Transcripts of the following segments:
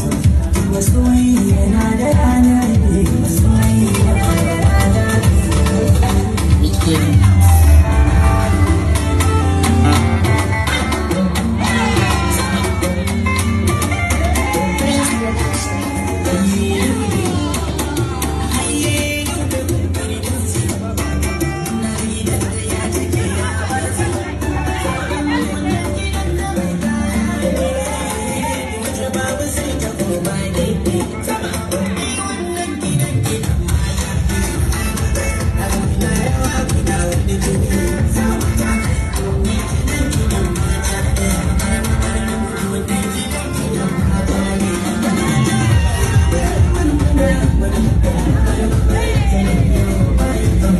myself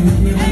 Thank you.